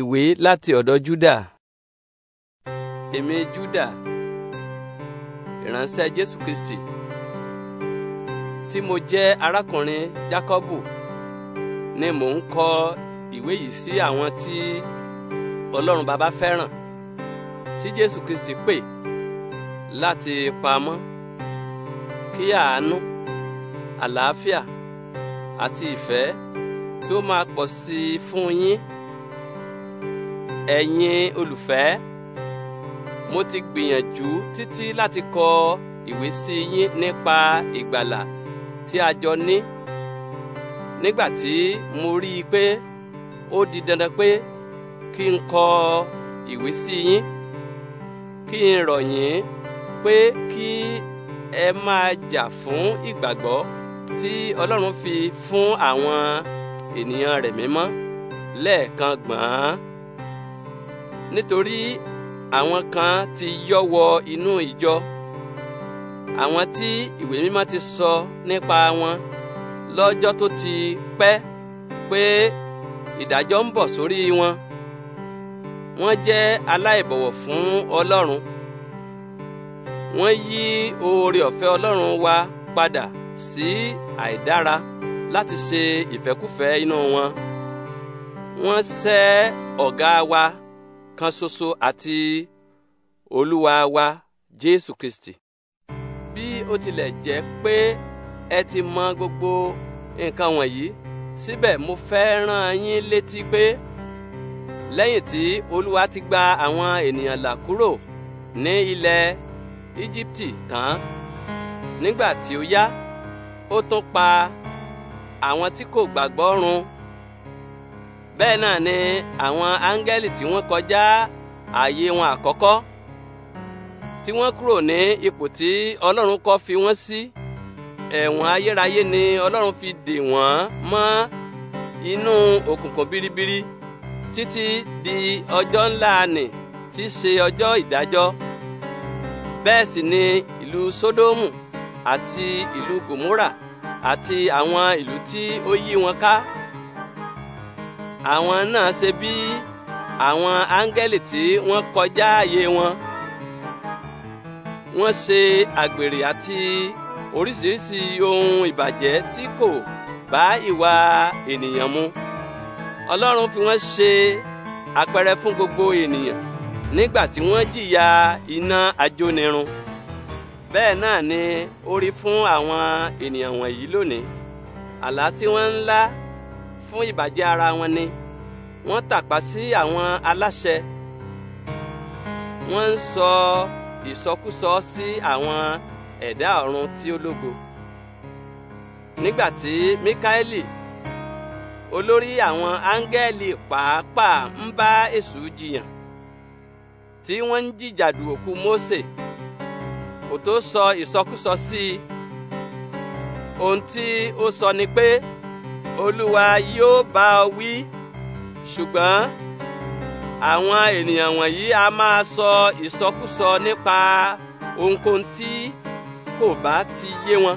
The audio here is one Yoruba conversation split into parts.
Ìwé láti ọ̀dọ̀ Júdà. Èmi Júdà, ìránṣẹ́ Jésù Kristi, tí mo jẹ́ arákùnrin Jákọ́bù, ni mò ń kọ ìwé yìí sí àwọn tí Ọlọ́run bàbá fẹ́ràn, tí Jésù Kristi pè láti pamọ́, kí àánú, àlàáfíà àti ìfẹ́ kí ó máa pọ̀ sí i fún yín ẹ̀yin olùfẹ́ mo ti gbìyànjú títí láti kọ ìwé sí yín nípa ìgbàlà tí a jọ ní nígbà tí mo rí i pé ó di dandan pé kí n kọ ìwé sí yín kí n rọ̀ yín pé kí ẹ máa jà fún ìgbàgbọ́ tí Ọlọ́run fi fún àwọn ènìyàn rẹ̀ mímọ́ lẹ́ẹ̀kan gbọ̀n án nítorí àwọn kan ti yọ́ wọ inú ìjọ àwọn tí ìwé mímọ́ ti sọ nípa wọn lọ́jọ́ tó ti pẹ́ pé ìdájọ́ ń bọ̀ sórí wọn wọ́n jẹ́ aláìbọ̀wọ̀ fún Ọlọ́run wọ́n yí oore ọ̀fẹ́ Ọlọ́run wa padà sí àìdára láti ṣe ìfẹ́kúfẹ̀ẹ́ inú wọn wọ́n sẹ́ ọ̀gá wa kan ṣoṣo àti olúwa wa jésù kristi. bí ó tilẹ̀ jẹ́ pé ẹ ti mọ gbogbo nǹkan wọ̀nyí síbẹ̀ mo fẹ́ rán yín létí pé lẹ́yìn tí olúwa ti gba àwọn ènìyàn là kúrò ní ilẹ̀ íjíbítì tán nígbà tí ó yá ó tún pa àwọn tí kò gbàgbọ́ run bẹ́ẹ̀ náà ni àwọn áńgẹ́lì tí wọ́n kọjá ààyè wọn àkọ́kọ́ tí wọ́n kúrò ní ipò tí ọlọ́run kọ́ fi wọ́n sí ẹ̀wọ̀n ayérayé ni ọlọ́run fi dè wọ́n mọ́ inú òkùnkùn biribiri títí di ọjọ́ ńlá nì tí ṣe ọjọ́ ìdájọ́ bẹ́ẹ̀ sì ni ìlú sódómù àti ìlú gòmórà àti àwọn ìlú tí ó yí wọn ká àwọn náà ṣe bí àwọn áńgẹ́lì tí wọ́n kọjá ààyè wọn wọ́n ṣe àgbèrè àti oríṣiríṣi ohun ìbàjẹ́ tí kò bá ìwà ènìyàn mu ọlọ́run fi wọ́n ṣe àpẹẹrẹ fún gbogbo ènìyàn nígbà tí wọ́n jìyà iná ajónirun bẹ́ẹ̀ náà ni ó rí fún àwọn ènìyàn wọ̀nyí lónìí àlá tí wọ́n ń lá fún ìbàjẹ́ ara wọn ni wọ́n tàpá sí àwọn aláṣẹ wọ́n ń sọ ìsọkúsọ sí àwọn ẹ̀dá ọ̀run tí ó lógo nígbà tí Míkáélì olórí àwọn áńgẹ́lì pàápàá ń bá Èṣù jiyàn tí wọ́n ń jìjàdù òkú Mósè kò tó sọ ìsọkúsọ sí i ohun tí ó sọ ni pé. So olúwa yóò bá ọ wí ṣùgbọ́n àwọn ènìyàn wọ̀nyí a máa sọ ìsọkúsọ nípa ohunkóhun tí kò bá ti yé wọn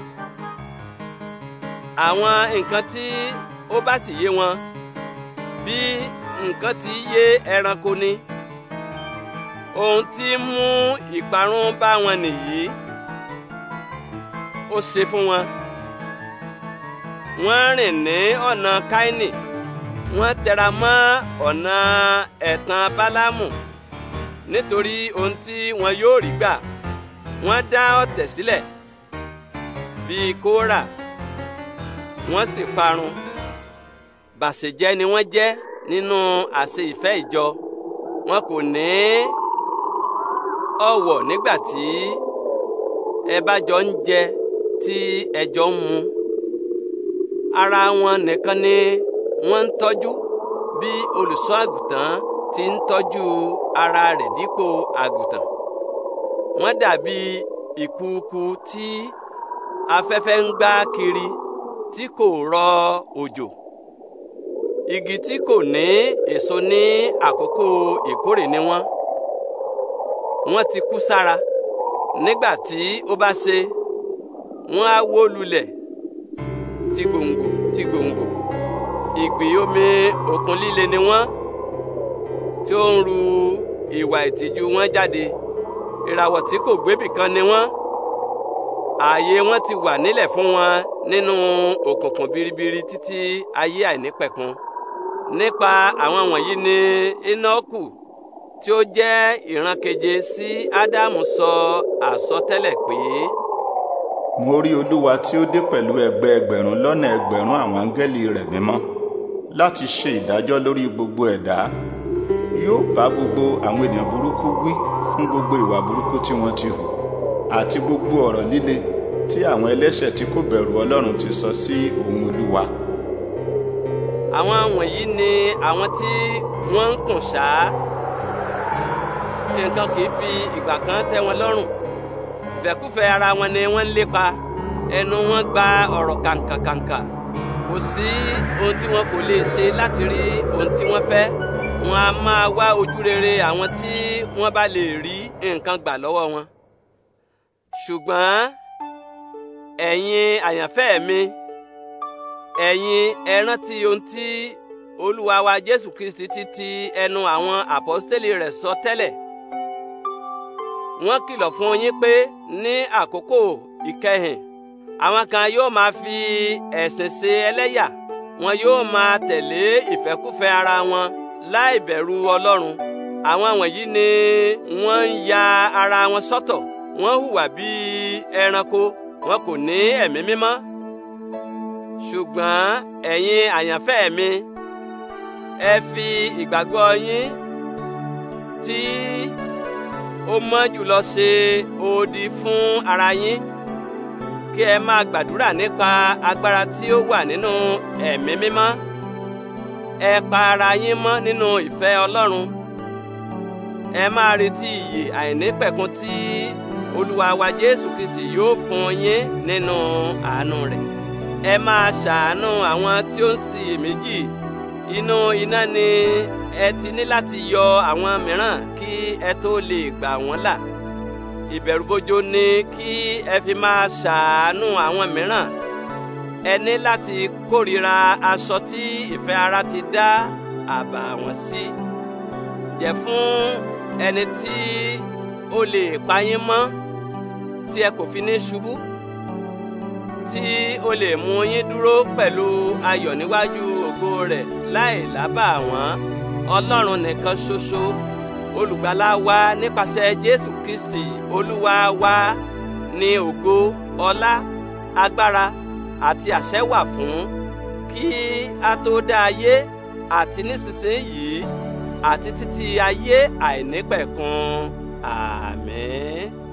àwọn nǹkan tí ó bá sì yé wọn bí nǹkan ti yé ẹranko ni ohun tí mú ìparun bá wọn nìyí ó ṣe fún wọn. wọ́n rìn ní ọ̀nà káínì wọ́n tẹra mọ́ ọ̀nà ẹ̀tàn bálámù nítorí ohun tí wọn yóò rí gbà wọ́n dá ọ̀tẹ̀ sílẹ̀ bíi kóra wọ́n sì parun bàṣẹjẹ́ ni wọ́n jẹ́ nínú àṣẹ ìfẹ́ ìjọ wọn kò ní ọ̀wọ̀ nígbà tí ẹ bá jọ ń jẹ tí ẹ jọ ń mu. ara wọn nìkan ni wọ́n ń tọ́jú bí olùṣọ́ àgùntàn ti ń tọ́jú ara rẹ̀ dípò àgùntàn wọ́n dàbí ìkùukù tí afẹ́fẹ́ ń gbá kiri tí kò rọ òjò igi tí kò ní èso ní àkókò ìkórè ni wọ́n wọ́n ti kú sára nígbà tí ó bá ṣe wọ́n á wó lulẹ̀ ti gbòǹgbò ti gbòǹgbò ìgbì omi òkun líle ni wọ́n tí ó ń ru ìwà ìtìjú wọn jáde ìràwọ̀ tí kò gbébì kan ni wọ́n ààyè wọn ti wà nílẹ̀ fún wọn nínú òkùnkùn biribiri títí ayé àìnípẹ̀kun nípa àwọn wọ̀nyí ni Énọ́kù tí ó jẹ́ ìran keje sí Ádámù sọ àsọtẹ́lẹ̀ pé mo rí olúwa tí ó dé pẹ̀lú ẹgbẹ́ ẹgbẹ̀rún lọ́nà ẹgbẹ̀rún àwọn áńgẹ́lì rẹ̀ mímọ́ láti ṣe ìdájọ́ lórí gbogbo ẹ̀dá yóò bá gbogbo àwọn ènìyàn burúkú wí fún gbogbo ìwà burúkú tí wọ́n ti hù àti gbogbo ọ̀rọ̀ líle tí àwọn ẹlẹ́ṣẹ̀ tí kò bẹ̀rù ọlọ́run ti sọ sí òun olúwa. àwọn wọ̀nyí ni àwọn tí wọ́n ń kùn ṣáá nǹkan kì í fi ìgbà kan tẹ́ wọn lọ́rùn ìfẹ́kúfẹ́ ara wọn ni wọ́n ń lépa ẹnu wọn gba ọ̀rọ̀ kàǹkàkàǹkà kò sí ohun tí wọn kò lè ṣe láti rí ohun tí wọ́n fẹ́ wọn a máa wá ojú rere àwọn tí wọ́n bá lè rí nǹkan gbà lọ́wọ́ wọn. ṣùgbọ́n ẹ̀yin àyànfẹ́ mi ẹ̀yin ẹ rántí ohun tí olúwa wa jésù kristi ti ti ẹnu àwọn àpọ́stélì rẹ̀ sọ tẹ́lẹ̀. So wọ́n kìlọ̀ fún yín pé ní àkókò ìkẹyìn àwọn kan yóò máa fi ẹ̀sìn ṣe ẹlẹ́yà wọn yóò máa tẹ̀lé ìfẹ́kúfẹ́ ara wọn láì bẹ̀rù ọlọ́run àwọn wọ̀nyí ni wọ́n ń ya ara wọn sọ́tọ̀ wọ́n hùwà bíi ẹranko wọn kò ní ẹ̀mí mímọ́ ṣùgbọ́n ẹ̀yin àyànfẹ́ mi ẹ fi ìgbàgbọ́ yín tí ó mọ́ jùlọ ṣe odi fún ara yín kí ẹ máa gbàdúrà nípa agbára tí ó wà nínú ẹ̀mí mímọ́ ẹ pa ara yín mọ́ nínú ìfẹ́ Ọlọ́run ẹ máa retí ìyè àìnípẹ̀kun tí Olúwa wa Jésù Kristi yóò fún yín nínú àánú rẹ̀ ẹ máa ṣàánú àwọn tí ó ń ṣiyèméjì. Si inú iná ni ẹ ti ní láti yọ àwọn mìíràn kí ẹ tó lè gbà wọ́n là ìbẹ̀rùbojo ni kí ẹ fi máa ṣàánú àwọn mìíràn ẹ ní láti kórìíra aṣọ tí ìfẹ́ ara ti dá àbà wọn sí jẹ́ fún ẹni tí ó lè pa mọ́ tí ẹ kò fi ní ṣubú tí ó lè mú yín dúró pẹ̀lú ayọ̀ níwájú gbogbo rẹ̀ láì lábà wọ́n ọlọ́run nìkan ṣoṣo olùgbàlà wa nípasẹ̀ jésù kristi olúwa wa ní ògo ọlá agbára àti àṣẹ wà fún kí a tó dá ayé àti nísinsìnyí àti títí ayé àìnípẹ̀kun àmín.